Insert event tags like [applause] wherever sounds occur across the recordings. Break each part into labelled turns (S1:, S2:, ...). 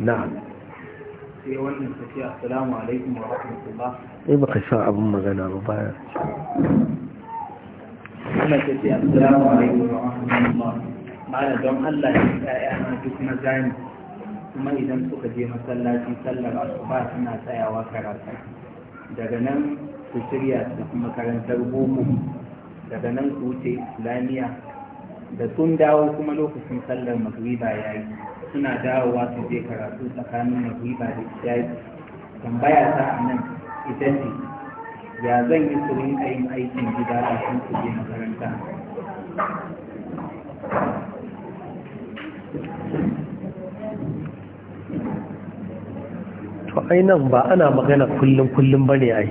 S1: na'am sai wannan tafiya assalamu alaikum wa
S2: sa abin magana ba
S1: baya don Allah ya duk maza kuma idan suka je masallaci sallar asuba suna tsayawa karatu daga nan su shirya su makarantar boko daga nan su wuce islamiya da sun dawo kuma lokacin sallar magriba ya yi suna dawowa su je karatu tsakanin magriba da isha'i tambaya ta a nan idan ce ya zan yi su yin yin aikin gida sun su je makaranta
S2: to ai nan ba ana magana kullum kullum bane ai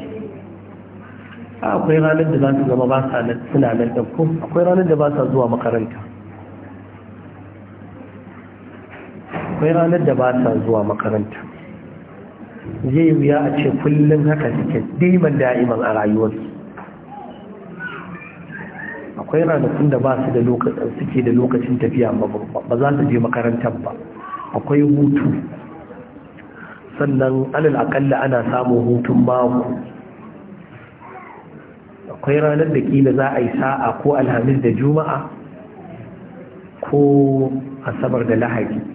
S2: akwai ranar da za su zama ba sa nan suna nan ko akwai ranar da ba sa zuwa makaranta akwai ranar da ba sa zuwa makaranta zai wuya a ce kullum haka suke daiman da'iman a rayuwarsu akwai ranakun da ba su da lokacin suke da lokacin tafiya ba za su je makarantar ba akwai hutu sannan alal akalla ana samun hutun mako akwai ranar da kila za a yi sa'a ko alhamis da juma'a ko asabar da lahadi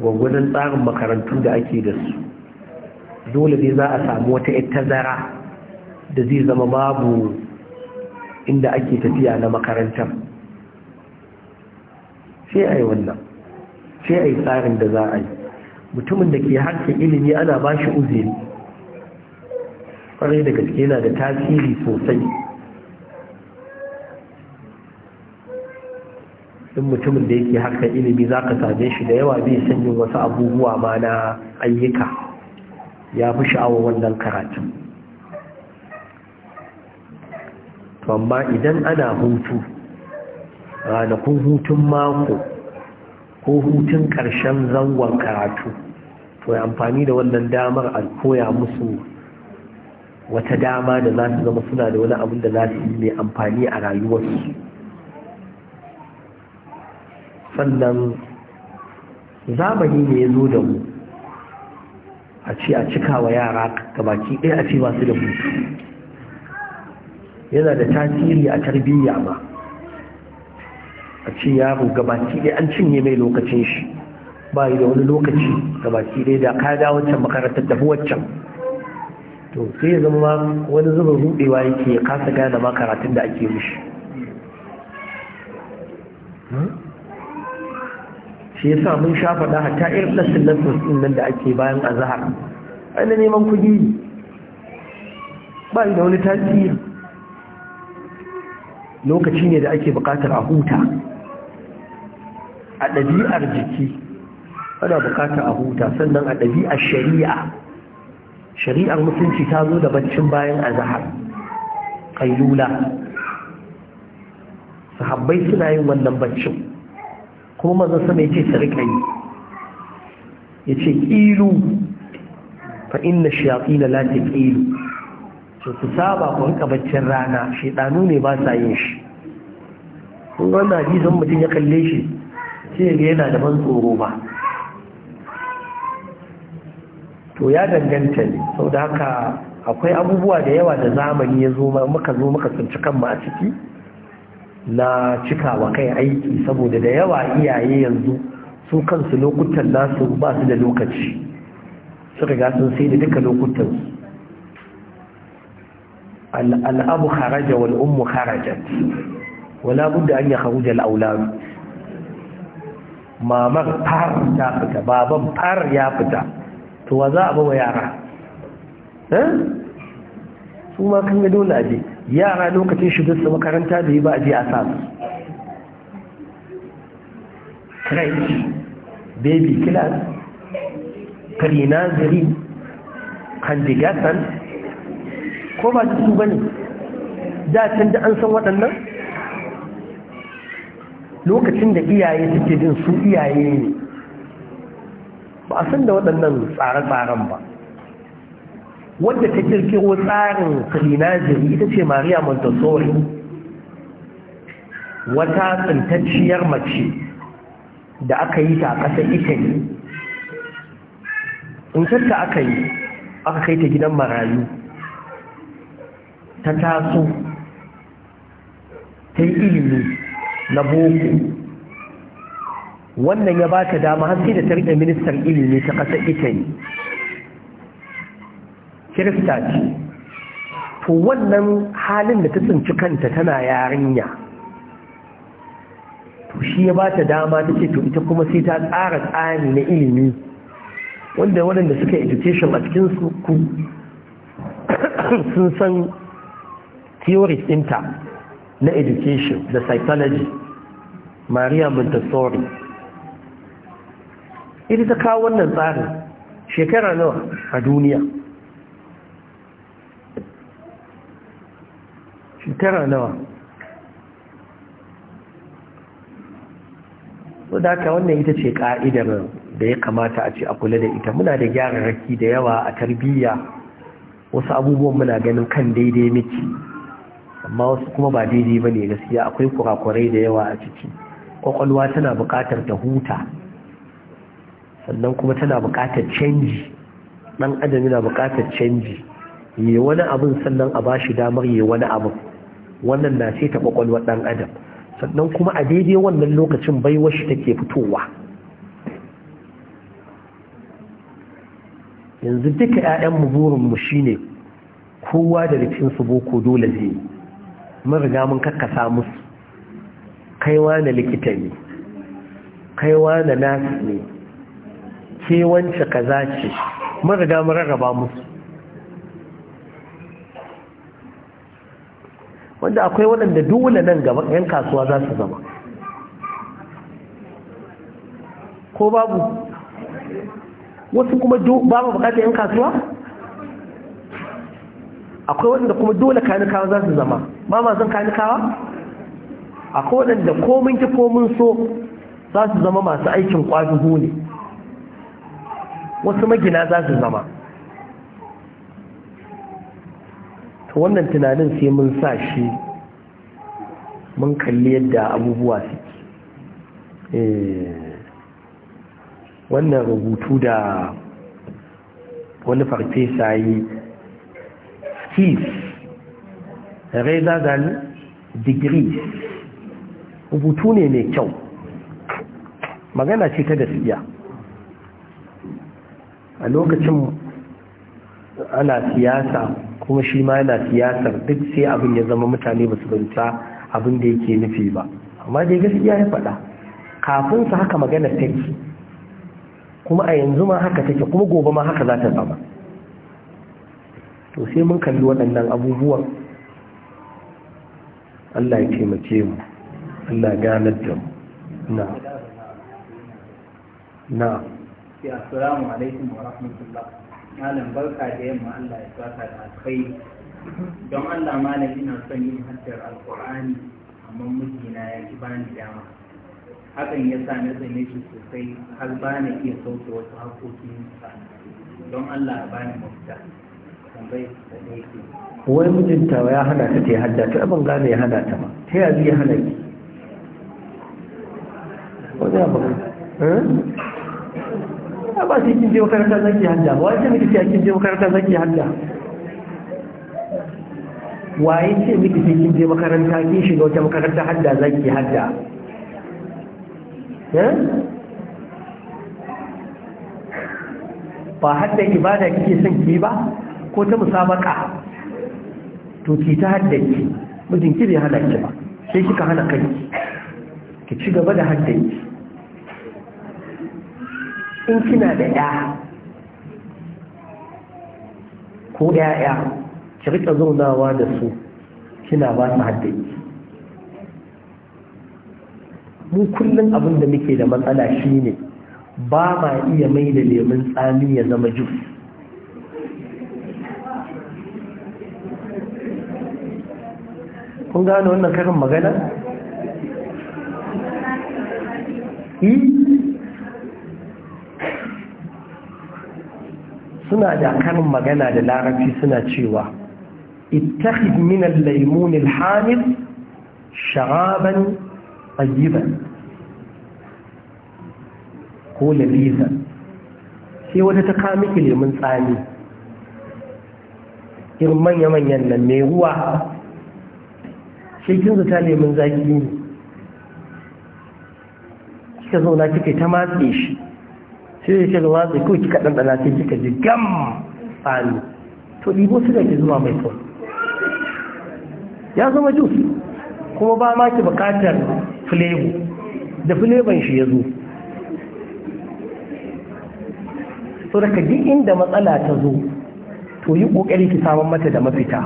S2: gwagwadon tsarin makarantu da ake da su dole ne za a samu wata tazara da zai zama babu inda ake tafiya na makarantar sai a yi wannan sai a yi tsarin da za a yi mutumin da ke harka ilimi ana ba shi uzini ƙwarai da gaske yana da tasiri sosai in mutumin da yake haka ilimi za ka same shi da yawa bai san yin wasu abubuwa ma na ayyuka ya fi sha'awar wannan karatu. amma idan ana hutu ranakun hutun mako ko hutun ƙarshen zangon karatu to ya amfani da wannan damar a koya musu wata dama da za su zama suna da wani abin da za su yi mai amfani a rayuwarsu sannan zamani ne ya zo da mu a ci a cika wa yara gabaki ɗaya a ce masu da hutu yana da tasiri a tarbiyya ma a ce yaro gabaki ɗaya an cinye mai lokacin shi ba yi da wani lokaci gabaki ɗaya da ka da wancan makarantar tafi wancan to sai ya zama wani zubin rudewa yake ya kasa gane ma karatun da ake mishi shi yasa mun sha faɗa hatta irin lasin lasin ɗin nan da ake bayan A ana neman kuɗi ba da wani tasiri lokaci ne da ake buƙatar a huta a ɗabi'ar jiki ana buƙatar a huta sannan a ɗabi'ar shari'a shari'ar mutunci ta zo da baccin bayan zahar kailula sahabbai suna yin wannan baccin kuma mazan sama ce su rika yi ce ilu fa inna na la taqilu to ku saba ku rika baccin rana ɗanu ne ba sa yin shi kun ga wannan hadisin mutum ya kalle shi ce ga yana da ban tsoro ba to ya danganta ne sau da haka akwai abubuwa da yawa da zamani ya zo maka zo muka tsinci ma a ciki na cikawa kai aiki saboda da yawa iyaye yanzu su kansu lokutan nasu ba su da lokaci suka ga sun sai da duka lokutan al'abu haraja wal ummu kharajat wala budda an ya haruja al mamar far ta fita baban far ya fita to wa za a ba wa yara eh? su ma kan ga dole aje yara lokacin shi dutse makaranta da yi ba a je a sa su baby class pre-nursery kandigatan ko ba su ba ne da can an san waɗannan lokacin da iyaye suke jin su iyaye ne ba a san da waɗannan tsare-tsaren ba wadda ta kirkiro tsarin trinaziri ita ce maria montessori wata tsintacciyar mace da aka yi ta a ƙasar italy tsintarta aka yi aka kai ta gidan marayu ta taso ta yi ilimi na boko wannan ya ba ta dama har da ta ministan ilimi ta ƙasar italy kirista ce to wannan halin da ta tsinci kanta tana yarinya to shi ya ba ta dama ta ce to ita kuma sai ta tsara tsari na ilimi wanda waɗanda suka education a cikin su ku sun san theories ɗinta na education da psychology maria montessori ita ta kawo wannan tsarin shekara nawa a duniya shekara nawa so da wannan ita ce ka'idar da ya kamata a ce a kula da ita muna da gyararraki da yawa a tarbiyya wasu abubuwan muna ganin kan daidai miki amma wasu kuma ba daidai ba ne gaskiya akwai kurakurai da yawa a ciki kwakwalwa tana buƙatar ta huta sannan kuma tana buƙatar canji ɗan adam yana buƙatar canji yi wani abin sannan a ba shi damar yi wani abin wannan na ce ta kwakwalwar ɗan adam sannan kuma a daidai wannan lokacin baiwar shi take fitowa yanzu duka 'ya'yan burinmu shine kowa da rikinsu boko dole zai mun riga mun kakkasa musu kaiwa na likita ne kaiwa na nasi ne kewance kaza ce mun riga mun rarraba musu wanda akwai waɗanda dole nan gaba 'yan kasuwa za su zama ko babu wasu kuma ba mu bukatar 'yan kasuwa akwai waɗanda kuma dole kanikawa za su zama ba ma zan kanikawa akwai waɗanda komin ki komin so za su zama masu aikin kwadugu ne wasu magina za su zama wannan tunanin sai mun sa shi mun kalli yadda abubuwa suke eh, wannan rubutu da wani farfesa yi skis rather than degrees rubutu ne mai kyau magana ce ta gaskiya a lokacin ana siyasa kuma shi ma yana siyasar duk sai abin ya zama mutane ba su banta abin da yake nufi ba amma dai gaskiya ya faɗa kafin su haka magana take kuma a yanzu ma haka take kuma gobe ma haka za ta zama to sai mun kalli waɗannan abubuwan Allah ya taimake mu Allah ya ganar da mu na na
S1: assalamu alaikum wa rahmatullahi malam barka da yamma Allah ya saka da kai don Allah malam ina son yin hajjar alkur'ani amma mijina ya ki bani dama hakan ya sa na tsane shi sosai har ba na iya sauke wasu haƙoƙin don Allah ba ni mafita tambayi da ne ke wai mijinta ya hana ta ta yi hadda
S2: ta ban gane ya hana ta ma ta yazi ya hana ki wani abu ba sai kin je makaranta zaki hadda wa ce miki sai kin je makaranta zaki hadda waye ce miki sai kin je makaranta ki shiga wata makaranta hadda zaki hadda eh? ba hadda ibada kike son ki ba ko ta musabaka to ki ta hadda ki mijinki bai hana ki ba sai kika hana kai ki ci gaba da hadda ki in kina da ya ko ya'ya ki rika zaunawa da su kina ba su haddaki mu kullum abin da muke da matsala shine ba ma iya mai da lemun tsami ya zama jus kun gane wannan karin magana? Hmm? suna da karin magana da larabci suna cewa ittakhid min al-laymun al-hamid sharaban tayyiban ko labiza sai wata ta ka miki lemun tsami irin manya-manyan nan mai ruwa sai kin zuta lemun zaki ne kika zauna kika ta matse shi sai ya shiga sai kawai kika ɗanɗana sai kika ji gam tsari to su suga ki zuwa mai sau ya zama jus kuma ba ma ki bukatar flavor da fileban shi ya zo so daga duk inda matsala ta zo to yi ƙoƙari ki samun mata da mafita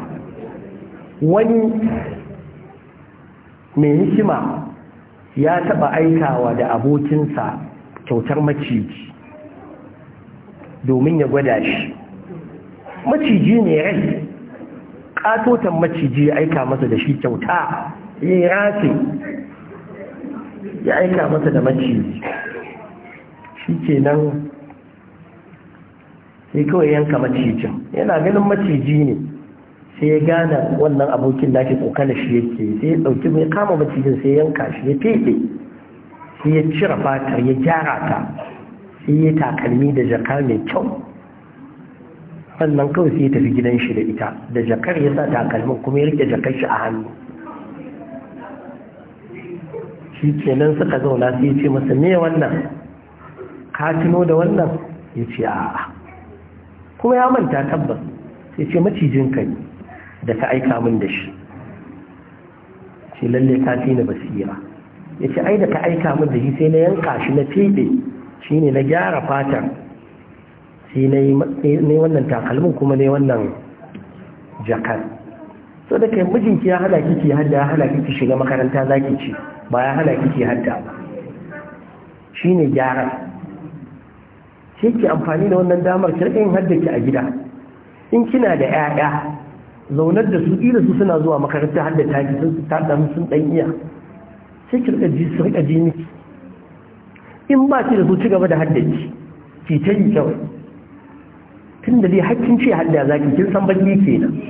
S2: wani mai hikima ya taɓa aikawa da abokinsa kyautar maciji domin ya gwada shi maciji ne rai katotan maciji ya aika masa da shi kyauta ya yi rafi ya aika masa da maciji shi ke nan sai kawai yanka macijin yana ganin maciji ne sai ya gane wannan abokin da ke kokana shi yake sai ya dauki mai kama macijin sai yanka shi ya fefe sai ya cire fatar ya gyara ta sai ya takalmi da jaka mai kyau sannan kawai sai ya tafi gidan shi da ita da jakar ya sa takalmin kuma ya rike jakar shi a hannu shi kenan suka zauna sai ya ce masa me wannan ka da wannan ya ce a'a kuma ya manta tabbas sai ce macijin ka ne da ka aika min da shi ce lalle ka fi na basira ya ce ai da ka aika min da shi sai na yanka shi na fiɗe Shi ne na gyara fatar shi ne wannan takalmin kuma ne wannan jakar so da kai mijinki ya hana kiki hadda ya hana kiki shiga makaranta zaki ci ba ya hana kiki hadda ba shi ne gyara shi ke amfani da wannan damar kirkin hadda ki a gida in kina da 'ya'ya zaunar da su ila su suna zuwa makaranta hadda taki sun su sun ɗan iya sai ki rika ji su rika ji miki in ba ki da su ci gaba da haddaci ki ta yi kyau tun da dai hakkin ce hadda zaƙi, kin san baki kenan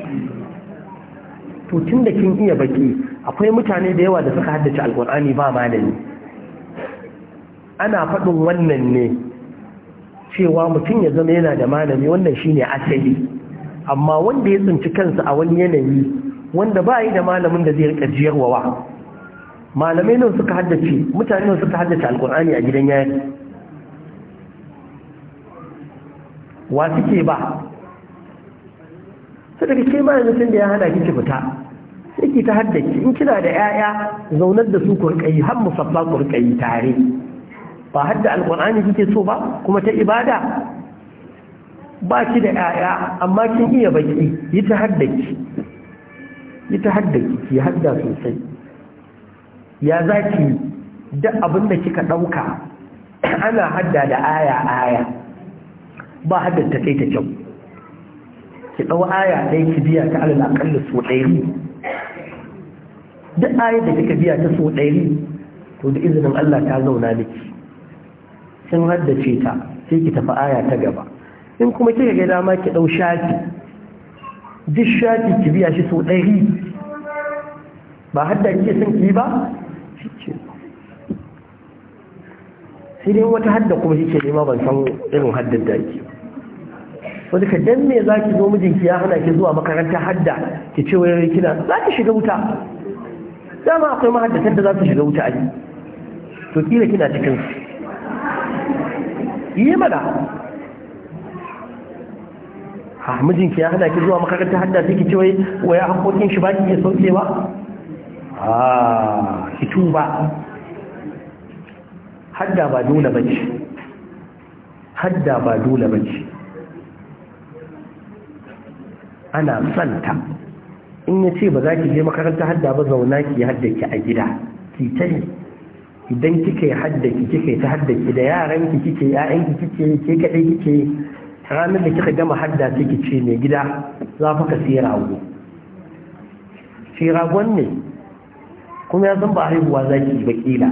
S2: to tun da kin iya baki akwai mutane da yawa da suka haddace alkur'ani ba malami ana faɗin wannan ne cewa mutum ya zama yana da malami wannan shine asali amma wanda ya tsinci kansa a wani yanayi wanda ba yi da malamin da zai riƙa jiyarwa malamai ne suka haddace mutane ne suka haddace alkur'ani a gidan yari wa suke ba su daga ke ma yanzu da ya hana kike fita sai ki ta haddace in kina da 'ya'ya zaunar da su kurkayi har musaffa kurkayi tare ba hadda alkur'ani kike so ba kuma ta ibada ba ki da 'ya'ya amma kin iya baki yi ta haddace yi ta haddace ki hadda sosai ya za ki duk abin da kika ɗauka [clears throat] ana hadda da aya aya ba hadda ta kai ta kyau ki ɗau aya ɗaya ki biya ta alal aƙalla so ɗari duk aya da kika biya ta so ɗari to da izinin Allah ta zauna miki sun haddace ta sai ki tafi aya ta gaba in kuma kika ga dama ki ɗau shafi duk shafi ki biya shi so ɗari ba hadda kike son ki ba sai dai wata hadda kuma shi ke nema ban san irin haddar da ake wadda ka dan me za ki zo mijinki ya hana ki zuwa makaranta hadda ki ce wani kina za ki shiga wuta dama akwai mahaddatar da za su shiga wuta aji to kila kina cikin su yi mana a mijinki ya hana ki zuwa makaranta hadda sai ki ce wai waya hankokin shi ba ki iya sauke ba a ah, ki hadda ba dole ba hadda ba dole ba ana santa in ya ce ba za ki je makaranta hadda ba zauna ki hadda ki a gida ki ta yi idan kika yi hadda ki kika yi ta hadda ki da yaran ki kike ya'yan ki kike ke kadai kike ranar da kika gama hadda sai ki ce mai gida za fa ka sai rago sai ragon ne kuma ya san ba haihuwa zaki ba kila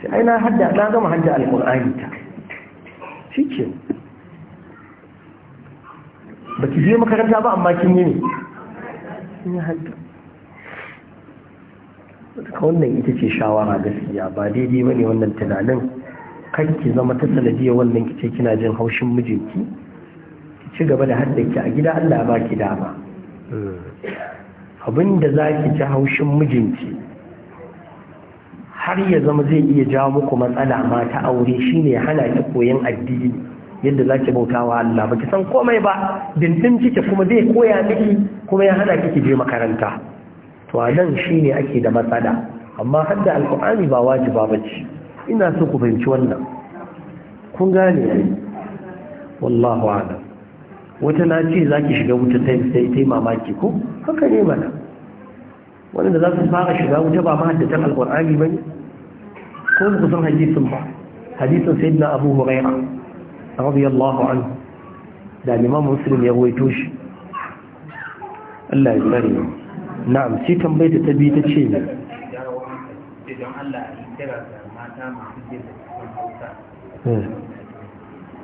S2: shi ai na hadda na gama hadda ta ba baki je makaranta ba amma kin yi ne sun yi hadda ka wannan ita ce shawara gaskiya ba daidai ne wannan tunanin kan ki zama ta sanadiyar wannan kice kina jin haushin mijinki ki ci gaba da haddaki a gida Allah ba ki dama da za ki ji haushin mijinki har ya zama zai iya jawo muku matsala ma ta aure shine ne hana ki koyon addini yadda za ki bauta wa Allah ba ki san komai ba dindin kike kuma zai koya miki kuma ya hana kiki je makaranta to a nan shine ake da matsala amma har da alkur'ani ba wajiba ba ce ina so ku fahimci wannan kun gane ne wallahu a'lam wata na ce za ki shiga wuta sai sai mamaki ko haka ne mana wanda za su fara shiga wuta ba mahaddatan alkur'ani ba ne ko ba san hadisin ba hadisin sayyidina abu huraira radiyallahu anhu da liman muslim ya ruwaito shi Allah ya tsare na'am sai tambayar ta biyu ta ce ne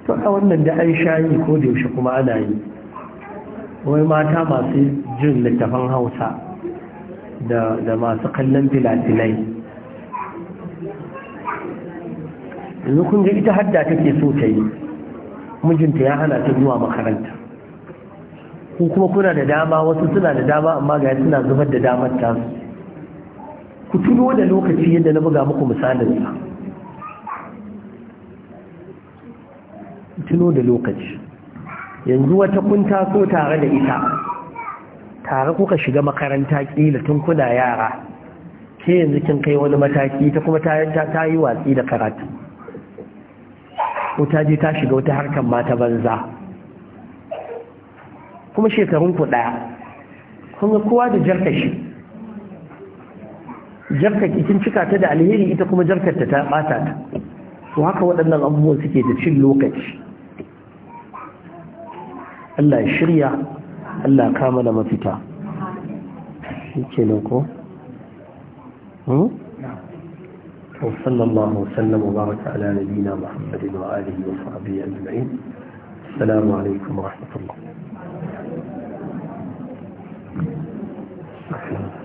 S2: to a wannan da an shayi ko da yaushe kuma ana yi wai mata masu jin littafan hausa da masu kallon filatilai
S1: yanzu kun ji ita
S2: hadda take so ta yi mijinta ya hana ta zuwa makaranta ko kuma kuna da dama wasu suna da dama amma ga suna zubar da damar ta? ku tuno da lokaci yadda na buga muku sa tuno da lokaci yanzu wata kun taso tare da ita tare kuka shiga makaranta kila tun kuna yara ke yanzu kin kai wani mataki ta kuma ta yi watsi da karatu Wuta ta ta shiga wata harkar mata banza kuma shekarun ku daya ga kowa da jarka shi jarka kin cika ta da alheri ita kuma jarkar ta ta bata ta to haka waɗannan abubuwan suke da cin lokaci Allah ya shirya Allah kama da mafita shi ko? Hmm? to sallallahu sallama